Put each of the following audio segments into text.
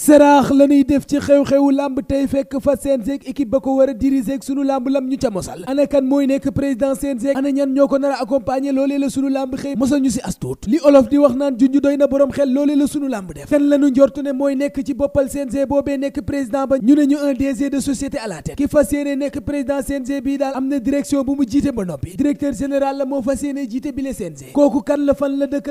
seraax la ñuy def ci xew-xewu lamb tey fekk fa CNG ak équipe ba ko war a diriger ak sunu lamb lam ñu ca mosal ana kan mooy nekk président CNG ana ñan ñoo ko nar a accompagner loolee la sunu lamb xëy mosal ñu si astuut li olof di wax naan junju doy na borom xel loole la sunu lamb def kan lañu njortu ne mooy nekk ci boppal CNG boobee nekk président ba ñu ne ñu un DG de société à la tête ki fas yéene nekk président CNG bii daal am na direction bu mu ba noppi directeur général jiite bile CNG kooku kan la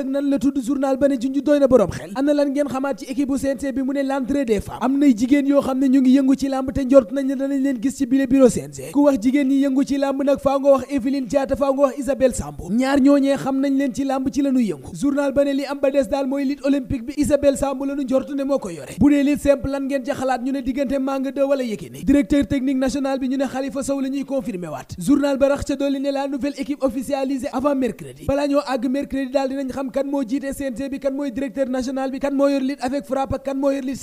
nan la tudd journal ba ne junju doy xel ana lan ngeen xamaat ci équipe bu CNG l'entrée am nay jigéen yoo xam ne ñu ngi yëngu ci làmb te njort nañ ne leen gis ci bile bureau CNG ku wax jigéen ñi yëngu ci làmb nag faa nga wax Evelyne Diatta faa nga wax Isabelle Sambo ñaar ñooñee xam nañ leen ci làmb ci lañu yëngu journal ba ne li am ba des daal mooy lutte olympique bi Isabelle Sambo lañu njort ne moo ko yore bu dee lutte simple lan ngeen ca xalaat ñu ne diggante Manga 2 wala Yékini directeur technique national bi ñu ne Khalifa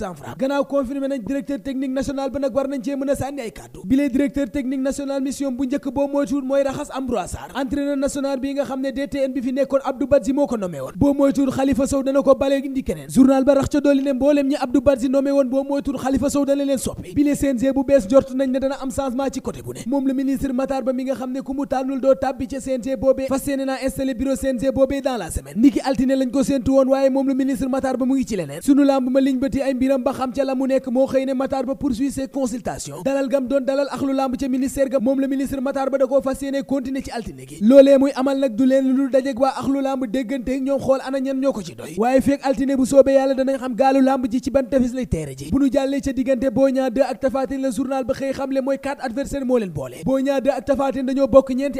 cent francs gannaaw confirmé nañ directeur technique national ba nag war nañ cee mën a sànni ay kàddu bilee directeur technique national mission bu njëkk boo moytuwul mooy raxas Ambroise Sarr entraîneur bi nga xam ne DTN bi fi nekkoon Abdou Badji moo ko nommé woon boo moytuwul Khalifa Sow dana ko bale indi keneen journal ba rax ca dolli ne mbooleem ñi Abdou Badji nommé woon boo moytuwul Khalifa Sow dana leen soppi bilee CNG bu bees jort nañ ne dana da bu nu jàllee ca diggante Boy Niang 2 ak Tapha la journal ba xëy xamle mooy quatre adversaires moo leen boole Boy Niang 2 ak Tapha dañoo bokk ñeenti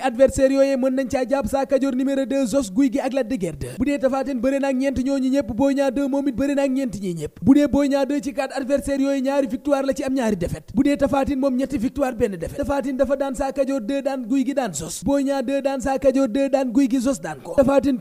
adversaires yoo mën nañ caa jàpp saa kajoor numéro 2 Zos Guy gi ak Lac de Guiers bu dee Tapha Tine bëre naag ñeent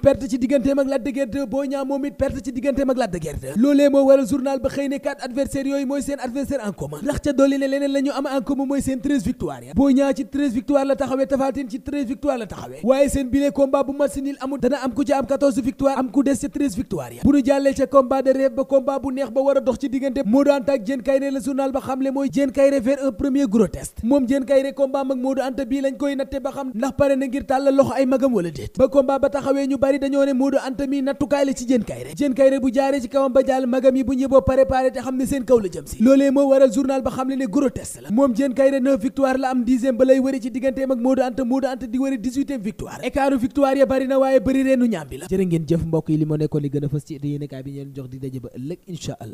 perte ci digganteem ak Lac de Guiers 2 moom it perte ci digganteem ak Lac de loolee moo waral journal ba xëy ne quatre adversaires yooyu mooy seen adversaire en ndax ca dolli ne leneen la am en mooy seen treize victoire ya Boy ci treize victoire la taxawee Tapha ci treize victoire la taxawee waaye seen bilee combat bu match nul amul dana am ku ci am victoire am ku des ci treize 14 victoire ya bu nu jàllee ca combat de rêve ba combat bu neex ba war a dox ci diggante Modou Anta ak Diène Kaïré la journal ba xam ndax ngir tàll loxo ay magam wala déet ba combat ba taxawee ñu bari dañoo ne Modou Anta mi nattukaay la ci Diène Kaïré Diène Kaïré bu jaaree ci kawam ba jàll magam yi bu ñëboo préparé te xam ne seen kaw la jëm si loolee moo waral journal ba xamle ne gros test la moom Diène Kaïré 9 victoire la am dixième ba lay wëri ci digganteem ak li gën a fas ci yéenekaay bi ñu leen jox di daje ba ëllëg incha allah.